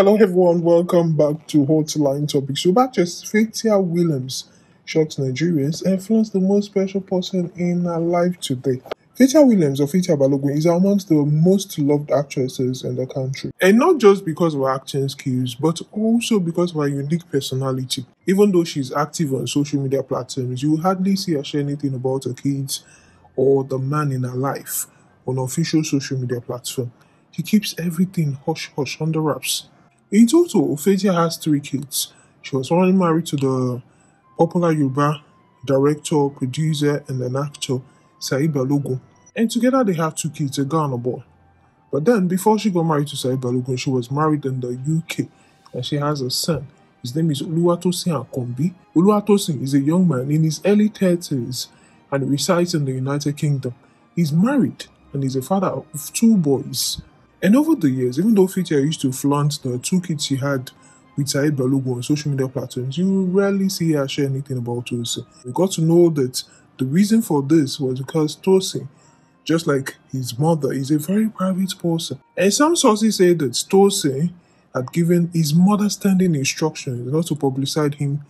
Hello, everyone. Welcome back to Hotline Topics. So, back to Fatia Williams short Nigerians and influenced the most special person in our life today. Fatia Williams, or Fatia Balogun, is amongst the most loved actresses in the country. And not just because of her acting skills, but also because of her unique personality. Even though she's active on social media platforms, you hardly see her share anything about her kids or the man in her life on official social media platform. She keeps everything hush hush under wraps in total, Ofedia has three kids. She was only married to the popular Yoruba director, producer, and an actor, Saeed Balogun. And together they have two kids, a girl and a boy. But then, before she got married to Saeed Balogun, she was married in the UK, and she has a son. His name is Oluwatosin Akombi. Oluwatosin is a young man in his early 30s and resides in the United Kingdom. He's married and is a father of two boys. And over the years, even though Fitia used to flaunt the two kids she had with Said Balogun on social media platforms, you rarely see her share anything about Tosin. We got to know that the reason for this was because Tosin, just like his mother, is a very private person. And some sources say that Tosin had given his mother standing instructions not to publicize him,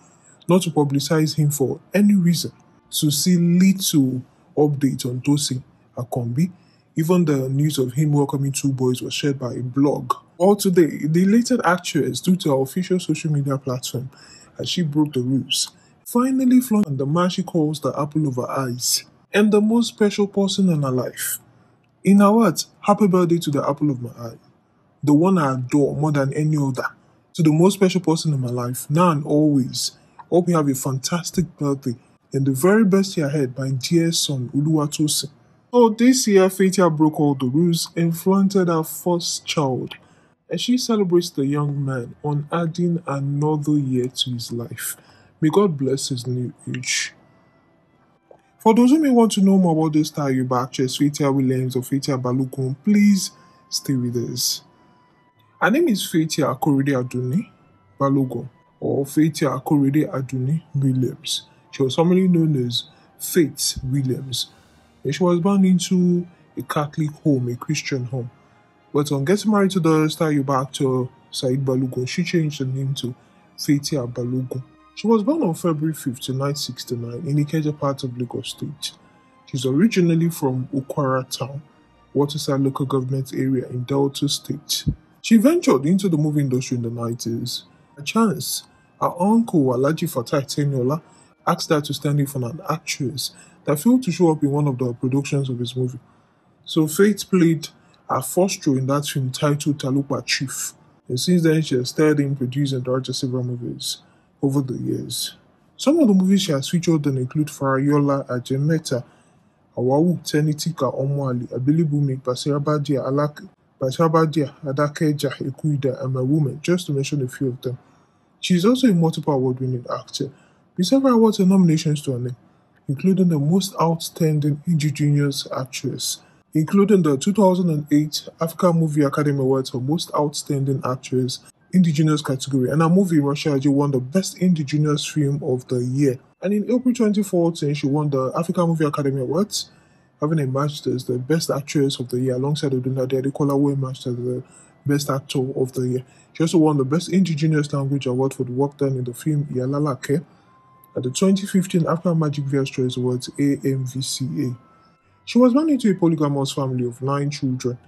not to publicize him for any reason. To see little update on Tosin Akombi even the news of him welcoming two boys was shared by a blog. All today, the elated actress due to her official social media platform and she broke the rules, finally flaunting the man she calls the apple of her eyes and the most special person in her life. In her words, happy birthday to the apple of my eye, the one I adore more than any other, to the most special person in my life, now and always. Hope you have a fantastic birthday and the very best year ahead, my dear son, Uluwatosin. Oh, this year, Fatia broke all the rules and flaunted her first child, and she celebrates the young man on adding another year to his life. May God bless his new age. For those who may want to know more about this star actress, Fatia Williams or Fatia Balukun, please stay with us. Her name is Fatia Akorede Aduni Balogun or Fatia Akorede Aduni Williams. She was formerly known as Faith Williams. She was born into a Catholic home, a Christian home. But on getting married to the star back to Said Balogun, she changed her name to Fatia Balogun. She was born on February 15, 1969 in Ikeja part of Lagos State. She's originally from Ukwara Town, Waterside local government area in Delta State. She ventured into the movie industry in the 90s. A chance, her uncle Alaji Fatah Teniola asked her to stand in for an actress that failed to show up in one of the productions of his movie. So Faith played her first role in that film titled Talupa Chief, and since then she has starred in, produced, and directed several movies over the years. Some of the movies she has featured in include Farayola, Ajemeta, Awawu, Tenitika, Omwali, Bumi, Basirabadia, Alake, Basirabadia, Adakeja, Ekuida, and My Woman, just to mention a few of them. She is also a multiple award winning actor received awards and nominations to her name, including the Most Outstanding Indigenous Actress, including the 2008 Africa Movie Academy Awards for Most Outstanding Actress Indigenous category, and her movie Russia Aji won the Best Indigenous Film of the Year. And in April 2014, she won the Africa Movie Academy Awards, having emerged as the Best Actress of the Year alongside Odunade Adekola, who emerged as the Best Actor of the Year. She also won the Best Indigenous Language Award for the work done in the film Yalalake at the 2015 AFNA Magic vs Choice Awards AMVCA. She was born into a polygamous family of nine children.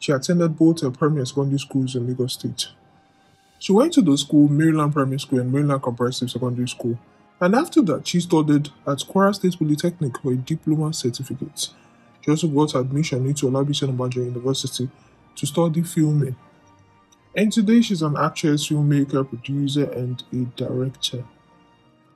She attended both her primary and secondary schools in Lagos State. She went to the school Maryland Primary School and Maryland Comprehensive Secondary School, and after that, she studied at Kwara State Polytechnic for a diploma certificate. She also got admission into Olabisi Onabanjo University to study filming. And today, she's an actress, filmmaker, producer, and a director.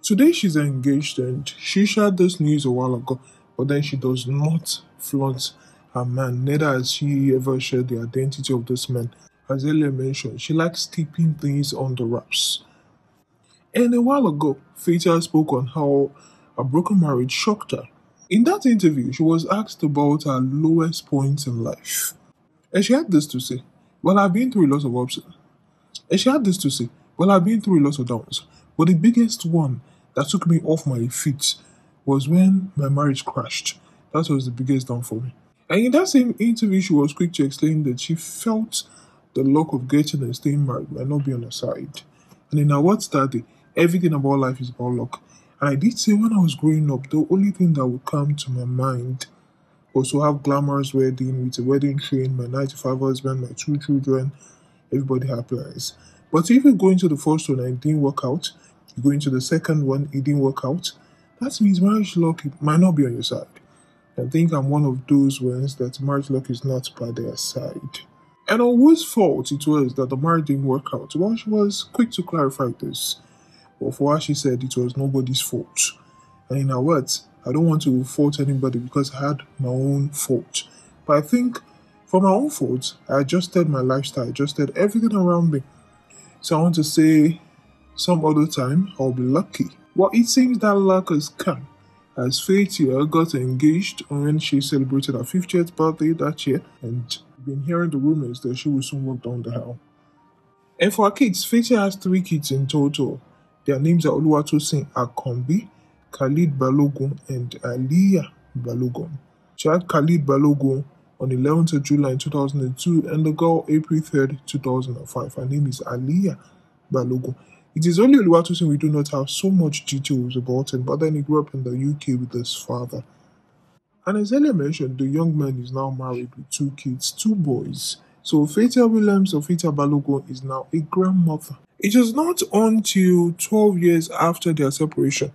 Today she's engaged and she shared this news a while ago, but then she does not flaunt her man, neither has she ever shared the identity of this man. As earlier mentioned, she likes keeping things on the wraps. And a while ago, Fatia spoke on how a broken marriage shocked her. In that interview, she was asked about her lowest points in life. And she had this to say Well, I've been through lots of ups. And she had this to say Well, I've been through lots of downs. But the biggest one that took me off my feet was when my marriage crashed. That was the biggest down for me. And in that same interview, she was quick to explain that she felt the luck of getting and staying married might not be on her side. And in our words everything about life is about luck. And I did say when I was growing up, the only thing that would come to my mind was to have glamorous wedding with a wedding train, my 95 husband, my two children, everybody happy lives. But even going to the first one it didn't work out, you go into the second one, it didn't work out. That means marriage luck might not be on your side. I think I'm one of those ones that marriage luck is not by their side. And on whose fault it was that the marriage didn't work out? Well, she was quick to clarify this. But for her, she said it was nobody's fault. And in her words, I don't want to fault anybody because I had my own fault. But I think for my own fault, I adjusted my lifestyle, adjusted everything around me. So I want to say some other time, I'll be lucky. Well, it seems that luck has come, as Faithia got engaged when she celebrated her 50th birthday that year, and been hearing the rumors that she will soon walk down the hill. And for her kids, Faithia has three kids in total. Their names are Oluwatosin Akombi, Khalid Balogun, and Aliya Balogun. She had Khalid Balogun on 11th July 2002 and the girl April 3rd, 2005. Her name is Aliya Balogun. It is only Oluwatosin we do not have so much details about him, but then he grew up in the UK with his father. And as earlier mentioned, the young man is now married with two kids, two boys. So Feta Williams of Feta Balogun is now a grandmother. It was not until 12 years after their separation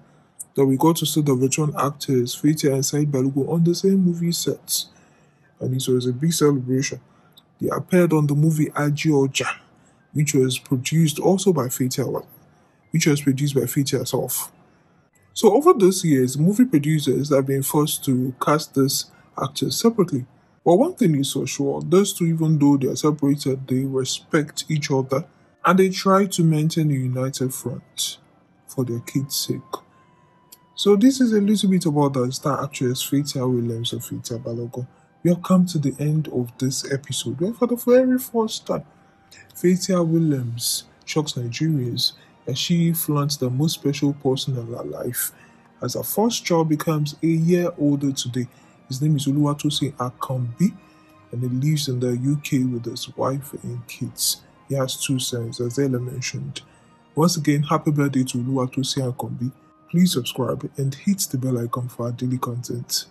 that we got to see the veteran actors Feta and Said Balogun on the same movie sets, And it was a big celebration. They appeared on the movie Ajioja which was produced also by Fatel, which was produced by Fatel herself. So over those years, movie producers have been forced to cast these actors separately. But one thing is for sure, those two, even though they are separated, they respect each other and they try to maintain a united front for their kids' sake. So this is a little bit about the star actress Fita Williams of Fita Balogo. We have come to the end of this episode. We're for the very first time, Fathia Williams shocks Nigerians as she flaunts the most special person in her life as her first child becomes a year older today. His name is Uluwatosi Akambi and he lives in the UK with his wife and kids. He has two sons, as Ella mentioned. Once again, happy birthday to Oluwatosi Akambi. Please subscribe and hit the bell icon for our daily content.